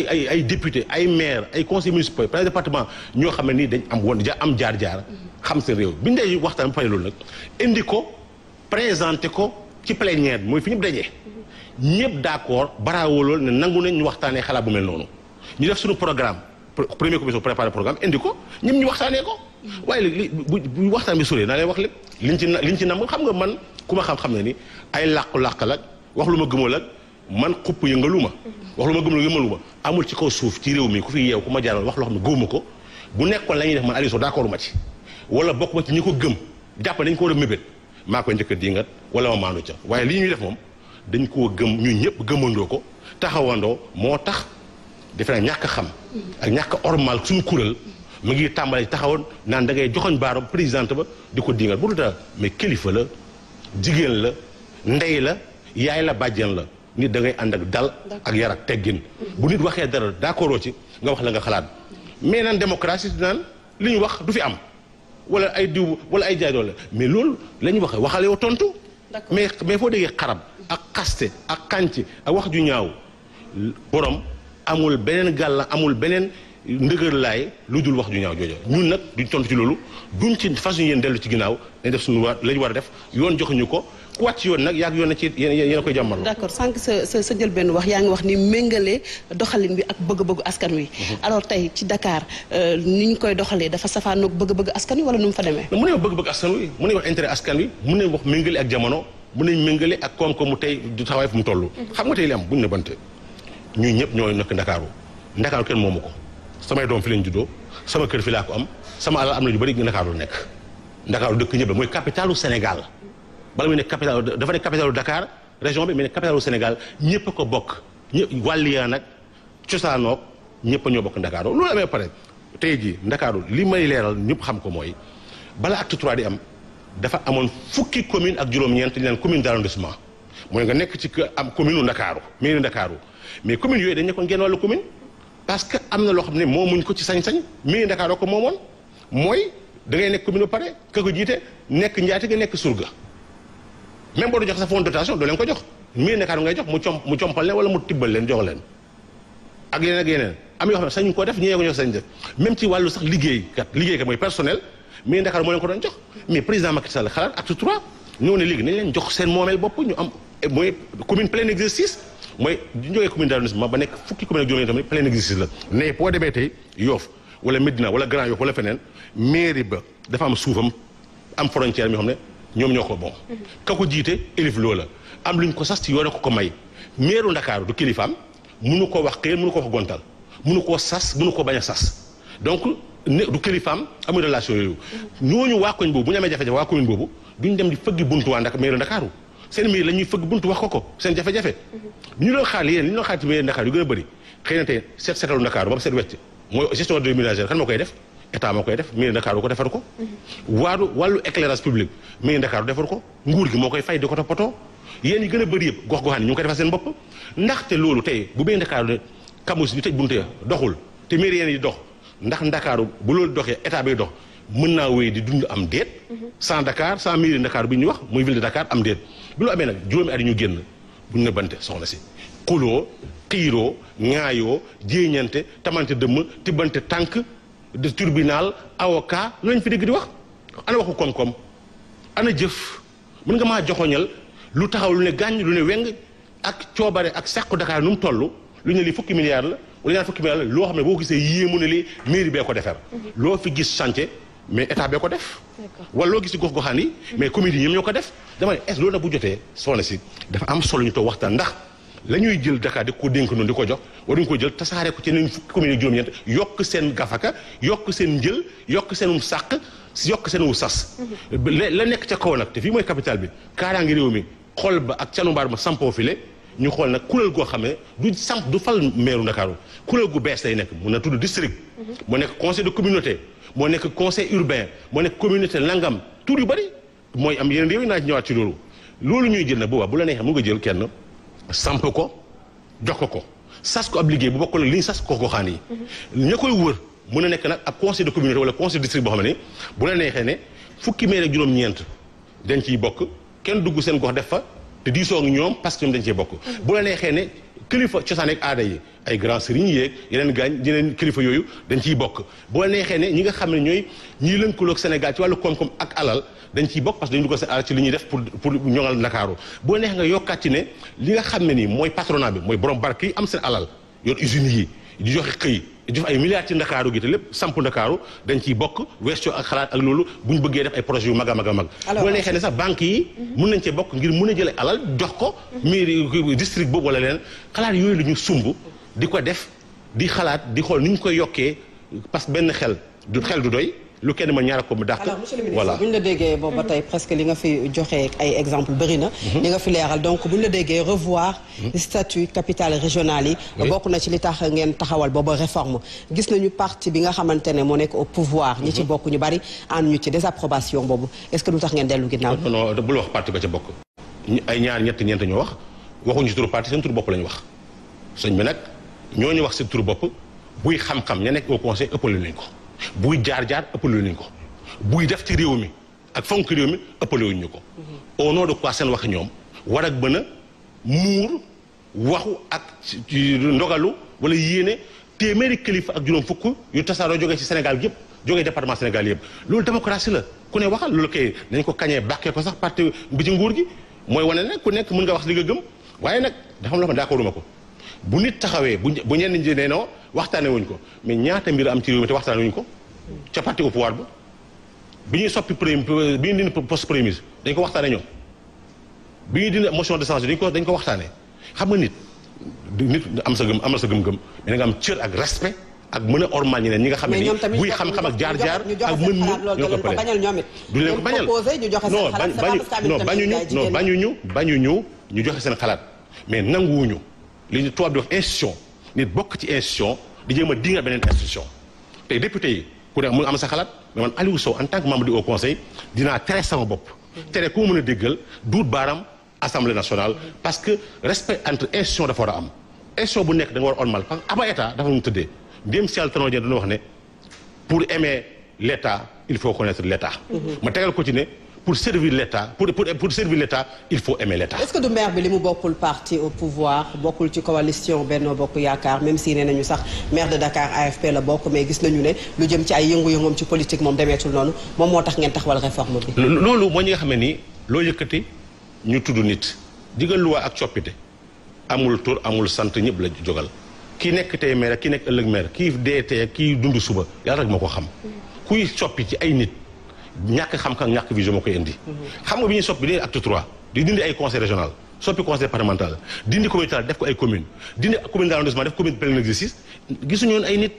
ay ay député ay maire ay conseil municipal par département ñoo xam ne nii dañ am woon ja am jaar-jaar xam seen réew bi ñu waxtaan ba pare loolu nag indi ko présenté ko ci plénière bi mooy fi ñëpp dajee ñëpp d'accord baraawoo loolu ne nangu nañ ñu waxtaanee xalaat bu mel noonu ñu def suñu programme premier commission préparé programme indi ko ñëpp ñu waxtaanee ko waaye léegi bu bu waxtaan bi soree naa lay wax lépp liñ ci liñ ci nam xam nga man ku ma xam-xam ne ni ay làqu-làq la wax lu ma gëmoo la man xupp yëngalu ma wax lu ma gëm la ma amul ci kaw suuf ci réew mi ku fi yeew ku ma jaaral wax loo xam ne gëwuma ko bu nekkoon lañuy ñuy def man Aliou Sow d'accord ma ci wala bokk ci ñi ko gëm jàpp dañ koo war a mébét maa koy njëkk a dingat wala ma maanu ca waaye li ñuy def moom dañ koo gëm ñu ñëpp gëmandoo ko taxawandoo moo tax defe naa ñàkk xam ak ñàkk ormal suñ kuréel mu ngi tàmbali taxawoon naan dangay ngay joxoñ baaram présidente ba di ko dingal bu dul mais kilifa la jigéen la ndey la yaay la bàjjen la nit da ànd ak dal ak yar ak teggin bu nit waxee dara d'accord ci nga wax la nga xalaat mais naan démocratie naan li ñu wax du fi am wala ay diw wala ay jaay doole mais loolu la ñu waxee waxal yow tontu mais mais foo déggee xarab ak xaste ak xànc ak wax ju ñaaw borom amul beneen gàll la amul beneen ndëgër laay lu dul wax ju ñaaw jooja ñun nag duñ tontu ci loolu duñ ci fas yéen dellu ci ginnaaw dañ def suñu war lañu war a def yoon joxuñu ko ku wàcc yoon nag yaa ngi yoon na ci yéen a koy jàmmal. d' accord sànq sa sa sa wax yaa wax ni méngale doxalin bi ak bëgg-bëggu askan wi. Mhm. alors tey ci Dakar euh, ni ñu koy doxalee dafa safaanoog bëgg-bëgg askan wi wala nu mu fa demee. mu ne bëgg-bëgg askan wi mu ne wax intérêt askan wi mu ne wax méngale ak jamono mu ne méngale ak koom-koomu tey du taxawaay fu mu toll. Mhm. xam nga tey li am buñ ne bante ñuy ñëpp ñooy nekk Ndakaaru Ndakaaru kenn moomu ko samay doom fi lañ juddoo sama kër fi laa ko am sama alal am na ñu bëri ndakaaru nekk ndakaaru dëkk ñëpp la mooy capitalu Sénégal bala muy nekk capitalu dafa nekk capitalu Dakar région bi mais nekk capitalu Sénégal ñëpp a bokk ñëpp nag cosaanoog ñëpp ñoo bokk ndakaaru loolu amee pare tey jii ndakaaru li may leeral ñëpp xam ko mooy bala acte trois di am dafa amoon fukki commune ak juróom-ñeent ñu naan commune d' arrondissement mooy nga nekk ci am commune u ndakaaru mairie ndakaaru mais commune yooyu dañ ne ko ngeen wàllu commune parce que am na loo xam ne moomuñ ko ci sañ-sañ mairie Ndakaaru ko moomoon mooy da ngay nekk commune ba pare ka ko jiite nekk njaati nga nekk surga même boo doon jox sa fond dotation doo leen ko jox mairie Ndakaaru ngay jox mu com mu compal leen wala mu tibbal leen jox leen ak yeneen yeneen am yoo xam ne sañu ko def ñee wàllu sax liggéey kat liggéey mooy personnel mairie Ndakaaru moo leen ko doon jox mais président Macky Sall xalaat acte trois ñoo ne léegi nañ leen jox seen moomeel bopp ñu am mooy commune plein exercice mooy du ñu jógee commune d'arrondissement ba nekk fukki commune ak juróom tamit plein exercice la ne boo demee tey Yoff wala Médina wala Grand Yoff wala feneen mairie ba dafa am suufam am frontière mi xam ne ñoom ñoo ko bon mm-hmm. ka jiite élif loola am lu ko sas ci yoon ko ko may maire Ndakaaru du kilifaam mënu ko wax xëy mënu ko wax gontal mënu koo sas munu ko bañ a sas donc ne du kilifaam amul relation yooyu mm-hmm. ñooñu waa koñ boobu bu ñu amee jafe-jafe waa commune boobu duñ dem di fëggi buntu waa Ndakaaru maire Ndakaaru seen miir la ñuy fëgg buntu wax ko ko seen jafe-jafe ñu doon xaar yéen ñu doon xaar ci mairie yu gën a bëri xëy na tey seet seetalu Dakar ba mu seet wecc mooy gestion des ménagères koy def état moo koy def mairie Dakar ko defar ko waaru wàllu éclairage public mairie Dakar defar ko nguur gi moo koy fay di ko poto yéen yi gën a bëri yëpp gox goxaan yi ñu ngi koy defar seen bopp ndaxte loolu tey bu mairie Dakar de kamus ñu tëj buntu ya doxul te mairie yéen yi dox ndax ndakaaru bu loolu doxee état bay dox mën naa wéy di dund am déet mhm. sans Dakar sans mairie wax muy ville de am déet bi lu amee nag juróomi at ñu génn bu ñu nëbbante soxla si xuloo xiiroo ŋaayoo jéeñante tamante dëmm tibbante tànk de tribunal avocat lu lañ fi dégg di wax ana waxu koom-koom ana jëf mën nga maa joxoñal lu taxaw lu ne gàññ lu ne weng ak coobare ak sàqu Dakar nu mu toll lu ne lii fukki milliards la wala ñaar fukki loo xam ne boo gisee yéemu ne li mairie bee ko defar mhm. loo fi gis chantier mais état bee ko def. wala loo gis ci gox goxaan yi. mais communes yi ñoom ñoo ko def. dama ne est loolu nag bu jotee soxna si dafa am solo ñu toog waxtaan ndax la ñuy jël Dakar di ko dénk noonu di ko jox war waruñu ko jël tasaare ko ci yeneen communes yi juróom-ñeent yokk seen gafaka yokk seen njël yokk seen um sàq yokk seen wu sas. Mhm. la nekk ca kaw nag te fii mooy capital bi kaaraange réew mi xol ba ak canu mbaar ma sampoo file ñu xool nag kuréel goo xam ne du samp du fal meeru Ndakaaru kuréel gu bees lay nekk mun na tudd district. Mhm. mu nekk conseil de communauté. moo nekk conseil urbain moo nekk communauté nangam tur yu bëri mooy am yeneen réew yi naa ci ñëwaat ci loolu loolu ñuy jël nag boobaa bu la neexee mun nga jël kenn samp ko jox ko ko sas ko ab liggéey bu bokkul li ñu sas ko goxaan yi mhm. ña koy wër mën a nekk nag ab conseil de communauté wala conseil de district boo xam ne bu la neexee ne fukki meer juróom-ñeent dañ ciy bokk kenn dugg seen gox def fa te diisoo ak ñoom parce que ñoom dañ cee bokk mhm. bu la kilifa cosaan ak aada yi ay grand sëriñ yeeg yeneen gaañ yeneen kilifa yooyu dañ ciy bokk boo neexee ne ñi nga xam ne ñooy ñiy lënkaloog Sénégal ci wàllu koom-koom ak alal dañ ciy bokk parce que dañu dugal seen alal ci li ñuy def pour pour ñoŋal Ndakaaru boo neexee nga yokkaat ci ne li nga xam ne nii mooy patronat bi mooy borom bark yi am seen alal yor usines yi di joxe xëy jox ay milliards ci ndakaaru gi te lépp samp ndakaaru dañ ciy bokk weesoo ak xalaat ak loolu bu ñu bëggee def ay projet yu mag a mag a mag boo ne sax banque yi mhm. mun nañ cee bokk ngir mun a jële alal jox ko miir mhm. mairie district boobu wala leen xalaat yooyu la ñu sumb di ko def di xalaat di xool ni ñu koy yokkee parce que benn xel du xel du doy lu kenn ma ñaara ko mu dàq alors monsieur le ministre bu ñu la déggee boobu ba presque li nga fi joxe ay exemple bëri na mhm. li nga fi leeral donc bu ñu la déggee revoir mhm. statut capital régional yi bokk na ci li tax ngeen taxawal booba réforme gis nañu parti bi nga xamante ne moo nekk au pouvoir ñi ci mhm. bokk ñu bari ànd ñu ci désapprobation boobu est-ce que du tax ngeen dellu ginnaaw non bul wax parti ba ca bokk ay ñaar ñett ñeent ñoo wax waxuñu ci turu parti seen turu bopp lañu wax bi nag ñooñu wax seen turu bopp buy xam-xam ña nekk au conseil ko buy jaar-jaar ëppale ñu ko buy def ci réew mi ak fonk réew mi ëppale wuñ ñu ko mhm. au nom de quoi seen wax ñoom war ak mën a muur waxu ak ndogalu wala yéene téeméeri kilifa ak juróom fukk yu tasaaroo jógee ci Sénégal yëpp jógee département Sénégal yëpp loolu démocratie la ku ne waxal loolu kay dañ ko kañee bàkkee ko sax parti bi ci nguur gi mooy wone ne ku nekk mën nga wax li nga gëm waaye nag dafa am loo ko bu nit taxawee bu bu ñenn ñi ne non waxtaane wuñ ko mais ñaata mbir am ci réew mi te waxtaane wuñ ko ca parti au pouvoir ba bi ñuy soppi premier bi ñuy dindi poste premier dañ ko waxtaane ñoom bi ñuy dindi motion de censure dañ ko dañ ko waxtaane xam nga nit nit am sa gëm am na sa gëm-gëm mais da nga am cër ak respect ak mën a ormal ñeneen ñi nga xam ne ni buy xam-xam ak jaar-jaar ak mën mën ñoo ko pare du leen ko bañal non bañuñu non bañuñu bañuñu ñu joxe seen xalaat mais nanguwuñu li ñu tubaab di wax institution nit bokk ci institution di jéem a dinga beneen institution tey député yi ku ne mun am sa xalaat mais man Aliou Sow en tant que membre du haut conseil dinaa tere sama bopp tere ku mën a déggal duut baaram assemblée nationale parce que respect entre institution dafa war a am institution bu nekk da nga war a ormal parce que aba état dafa mu tëddee ndéem si yàlla tanoo jee wax ne pour aimer l' il faut connaître mm-hmm. l' pour servir l'État pour pour pour servir l'État il faut aimer l'État. est-ce que du maire bi li mu bokkul parti au pouvoir bokkul ci coalition Benno Bokk Yaakaar même si nee nañu sax maire de Dakar AFP la bokk mais gis nañu ne lu jëm ci ay yëngu-yëngoom ci politique moom demeetul noonu moom moo tax ngeen taxawal réforme bi. loolu moo ñi nga xam ne nii loo yëkkati ñu tudd nit digal luwaa ak coppite amul tur amul sant ñëpp la jogal kii nekk tey maire kii nekk ëllëg maire kii dee tey kii dund suba yàlla rek ko xam kuy soppi ci ay nit. ñàkk xam-xam ñàkk vision moo koy indi. Mhm. xam nga bi ñuy soppi di acte trois di dindi ay conseil régional soppi conseil départemental dindi communauté def ko ay commune dindi commune d'arrondissement def commune plein exercice gisuñu woon ay nit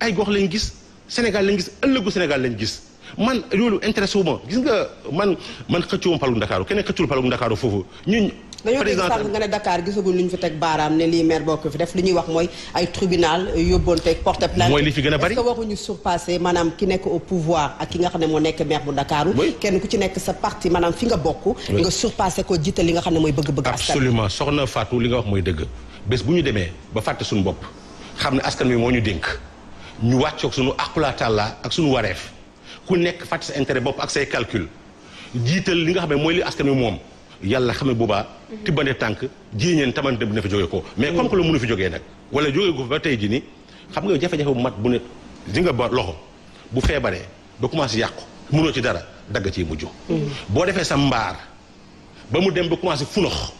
ay gox lañ gis Sénégal lañ gis ëllëgu Sénégal lañ gis. man loolu intéressé wu ma gis nga man man xëccu woon palug Ndakaaru keneen xëccul palug Ndakaaru foofu ñun dañoo dégg sànq nga ne Dakar gisaguñ lu ñu fi teg baaraam ne lii maire bokk fi def li ñuy wax mooy ay tribunal yóbboonteeg porte plainte mooy li fi gën a bari est-ce maanaam ki nekk au pouvoir ak ki nga xam ne moo nekk maire bu Dakar kenn ku ci nekk sa parti maanaam fi nga bokk nga surpassé ko jiite li ne mooy bëgg-bëgg askan absolument soxna Fatou li nga bu ñu demee ba fàtte suñu bopp xam ne askan bi moo ñu dénk ñu wàccoog suñu aqulatalla ak suñu wareef ku nekk fàtte sa intérêt bopp ak say calcul jiital li nga xam ne mooy li askan bi moom yàlla xame boobaa mhm. tibbante tànk jiiñeen tamante bu ne fa jógee ko mais mhm. comme que la munu fi jógee nag wala jógee ko ba tey ji ni xam nga jafe-jafe bu mat bu ne di nga ba loxo bu feebaree ba commencé yàqu mënoo ci dara dagg ciy mujj mhm. boo defee sa mbaar ba mu dem ba commencé funox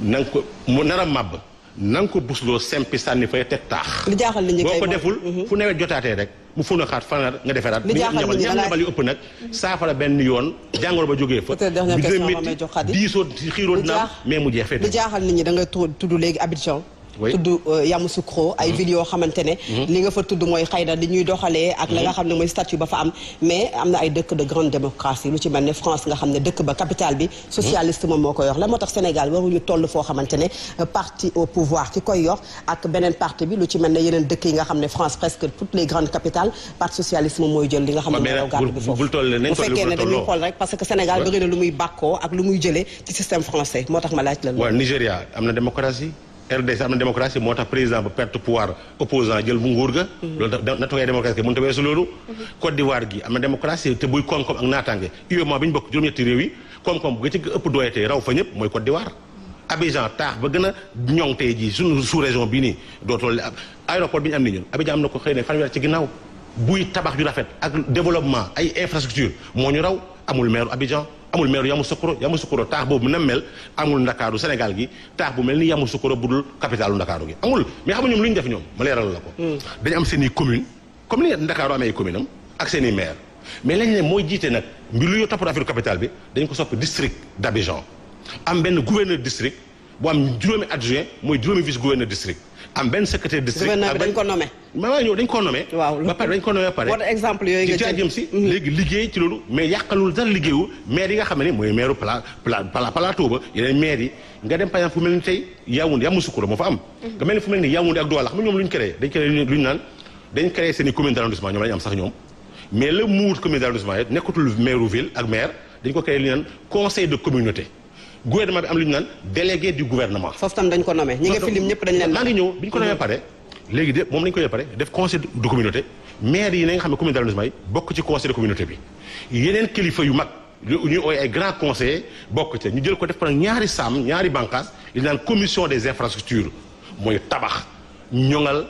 na ko mu nar a màbb na nga ko busloo sempi sànni fay teg taax boo ko deful fu nawet jotaatee rek mu fundaxaat fanaat nga deferaat mi ñabal ñam ñabal yu ëpp nag saafara benn yoon jàngoro ba jógee fa bi dina métti diisoo xiiroo dina am mais mu jeex fee li jaaxal nit ñi dangay nga tudd léegi Abidjan tudd euh, Yamoussoukro mhm. ay vidéo xamante ne mhm. li nga fa tudd mooy xëy na li ñuy doxalee ak la nga mhm. xam ne mooy statut ba fa am mais am na ay dëkk de grande démocratie lu ci mel ne France nga xam ne dëkk ba capitale bi socialiste moom moo ko yor la moo tax Sénégal waruñu toll foo xamante ne euh, parti au pouvoir ki koy yor ak beneen parti bi lu ci mel ne yeneen dëkk yi nga xam ne France presque toutes les grandes capitales parti socialiste moom mooy jël que Sénégal bëri na lu muy bàkkoo ak lu laaj la waaw Nigéria am na démocratie RDC am na démocratie moo tax président ba perte pouvoir opposant jël bu nguur ga. Mm-hmm. loolu tax nattukaayu démocratie mënut a weesu loolu. Mm-hmm. Côte d'Ivoire gi am na démocratie te buy koom-koom ak naataange UEMOA bi ñu bokk juróom-ñetti réew yi koom-koom bu ci ëpp doole raw fa ñëpp mooy Côte d'Ivoire. Mm-hmm. Abidjan taax ba gën a ñoŋ tey jii suñu sous région bii nii doo toll ab bi ñu am ni ñun Abidjan am na ko xëy na fanweer ci ginnaaw buy tabax yu rafet amul meeru Yamoussoukro Yamoussoukro taax boobu na mel amul ndakaaru Sénégal gi taax bu mel ni Yamoussoukro budul capitalu ndakaaru gi amul mais xam nga def ñoom ma leeral la ko hmm. dañu am seen commune comme ni ndakaaru amee commune ak seen maire mais lañ ne mooy jiite nag mbir lu yoo toppatoo affaire capitale bi dañ ko soppi district d' am benn gouverneur district bu am juróomi adjoint mooy juróomi vice gouverneur district am benn secrétaire district. gouverneur bi dañ ko nommé. ma waa ñëw dañ ko nommé. waaw ba pare dañ ko nommé ba pare. wala exemple yooyu nga jëm si mhm. léegi liggéey ci loolu mais yàqalul dara liggéeyu maire yi nga xam ne mooy maire pla pla plateau ba yeneen maire yi nga dem par exemple fu mel ni tey Yaoundé Yamoussoukro moo fa am. Mhm. nga mel ni fu mel ni Yaoundé ak Douala xam nga ñoom lu ñu créé dañ créé lu ñu naan dañ créé seen i commune d' arrondissement ñoom la ñu am sax ñoom mais la muur commune d' arrondissement nekkatul maire ville ak maire dañ ko créé lu ñu naan conseil de communauté gouvernement bi am lu ñu naan délégué du gouvernement. foofu tam dañ ko nommé ñi nga fi lim ñëpp dañ leen. maa ngi ñëw bi ñu ko nommé pare léegi de moom la ñu ko pare def conseil de communauté maire yi na nga xam ne commune d'arrondissement yi bokk ci conseil de communauté bi yeneen kilifa yu mag. ñu ooy ay grand conseiller bokk ca ñu jël ko def par ñaari saam ñaari bànqaas li naan commission des infrastructures mooy tabax ñoŋal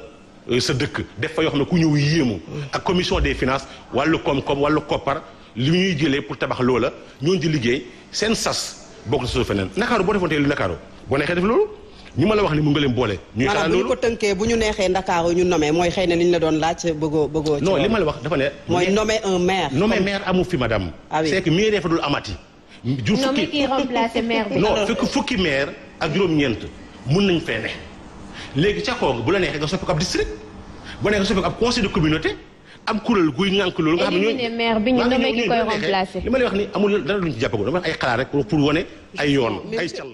euh, sa dëkk def fa yoo xam ne ku ñëw yéemu ak commission des finances wàllu koom-koom wàllu koppar li ñuy jëlee pour tabax loola ñoo di liggéey seen sas bokk na suñu feneen Ndakaaru boo defoon tey lu Ndakaaru boo neexee def loolu ñu la wax ni mu nga boole. ñuy xalaat loolu maanaam bu ñu ko tënkee ñu neexee Ndakaaru mooy xëy na li ñu la doon laaj bëggoo bëggoo. ci non li ma la wax dafa mooy nommer un maire. nommer maire amu fi madame. ah oui c'est que maire dafa dul amati. ju fukki kii maire ak juróom-ñeent mun nañ fee ne léegi ca kooku bu la neexee nga soppi ko ab district bu neexee nga soppi ko ab conseil de communauté am kuréel guy ñànk loolu. nga xam ne ñooñu éliminé maire bi ñu nommé ki koy remplacé. li ma wax ni amul dara luñ ci jàppagum dama ay xalaat rek pour wane ay yoon ay.